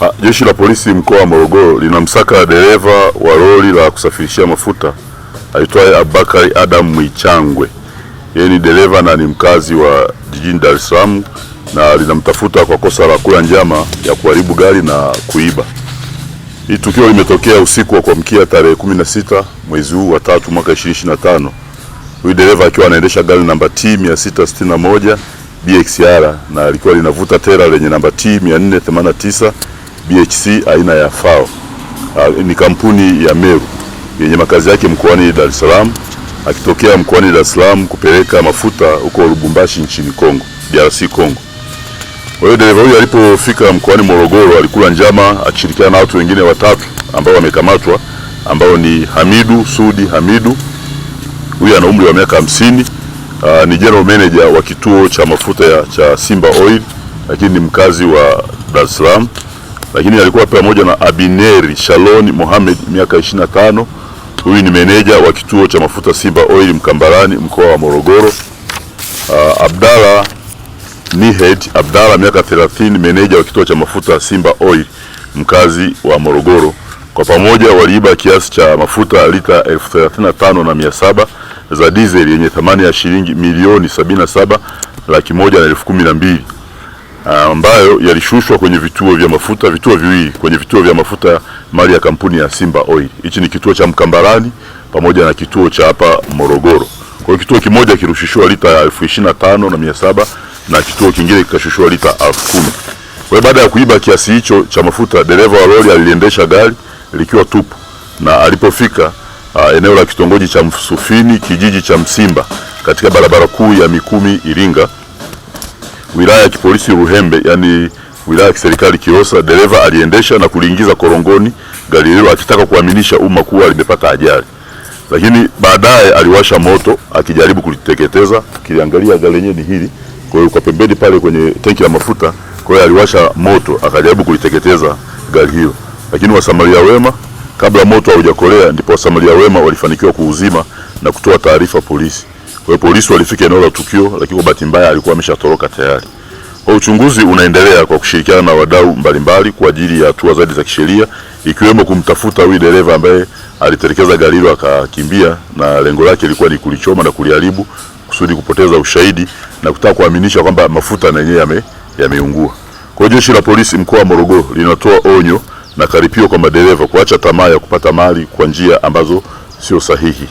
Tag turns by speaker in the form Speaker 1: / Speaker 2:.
Speaker 1: Ha, ah, Jeshi la Polisi mkoa wa Morogoro linamsaka dereva wa lori la kusafirishia mafuta aitwaye Abubakari Adam Mwichangwe. Yeye ni dereva na ni mkazi wa jijini Dar es Salaam na linamtafuta kwa kosa la kula njama ya kuharibu gari na kuiba. Hii tukio limetokea usiku wa kuamkia tarehe 16 mwezi huu wa tatu mwaka 2025. Huyu dereva akiwa anaendesha gari namba T 661 BXR na alikuwa linavuta tera lenye namba T 489 BHC aina ya FAO. Ah, ni kampuni ya Meru yenye makazi yake mkoani Dar es Salaam, akitokea mkoani Dar es Salaam kupeleka mafuta huko Lubumbashi nchini Kongo, DRC Kongo. Kwa hiyo dereva huyo alipofika mkoani Morogoro alikula njama akishirikiana na watu wengine watatu ambao wamekamatwa, ambao ni Hamidu Sudi Hamidu, huyu ana umri wa miaka hamsini. Uh, ni general manager wa kituo cha mafuta ya, cha Simba Oil lakini ni mkazi wa Dar es Salaam lakini alikuwa pamoja na Abineri Shaloni Mohamed miaka 25. Huyu ni meneja wa kituo cha mafuta Simba Oil Mkambarani, mkoa wa Morogoro. Uh, Abdalla Nihed Abdalla miaka 30, meneja wa kituo cha mafuta Simba Oil mkazi wa Morogoro. Kwa pamoja waliiba kiasi cha mafuta lita 35,700 za diesel yenye thamani ya shilingi milioni 77 laki moja na elfu kumi na mbili. Ah, ambayo yalishushwa kwenye vituo vya mafuta, vituo viwili kwenye vituo vya mafuta mali ya kampuni ya Simba Oil. Hichi ni kituo cha Mkambarani pamoja na kituo cha hapa Morogoro. Kwa hiyo kituo kimoja kirushushiwa lita elfu ishirini na tano na mia saba na kituo kingine kikashushwa lita elfu kumi. Kwa hiyo baada ya kuiba kiasi hicho cha mafuta, dereva wa lori aliendesha gari likiwa tupu na alipofika uh, eneo la kitongoji cha Msufini kijiji cha Msimba katika barabara kuu ya Mikumi Iringa wilaya ya kipolisi Ruhembe, yani wilaya ya kiserikali Kilosa, dereva aliendesha na kuliingiza korongoni gari hilo akitaka kuaminisha umma kuwa limepata ajali, lakini baadaye aliwasha moto akijaribu kuliteketeza. Kiliangalia gari lenyewe ni hili, kwa hiyo kwa pembeni pale kwenye tenki la mafuta. Kwa hiyo aliwasha moto akajaribu kuliteketeza gari hilo, lakini wasamaria wema, kabla moto haujakolea, ndipo wasamaria wema walifanikiwa kuuzima na kutoa taarifa polisi. Kwa hiyo polisi walifika eneo la tukio, lakini kwa bahati mbaya alikuwa ameshatoroka tayari. Kwa uchunguzi unaendelea kwa kushirikiana na wadau mbalimbali kwa ajili ya hatua zaidi za kisheria ikiwemo kumtafuta huyu dereva ambaye alitelekeza gari hilo akakimbia, na lengo lake lilikuwa ni kulichoma na kuliharibu kusudi kupoteza ushahidi na kutaka kuaminisha kwamba mafuta na yenyewe yameungua. kwa hiyo jeshi la polisi mkoa wa Morogoro linatoa onyo na karipio kwa madereva kuacha tamaa ya kupata mali kwa njia ambazo sio sahihi.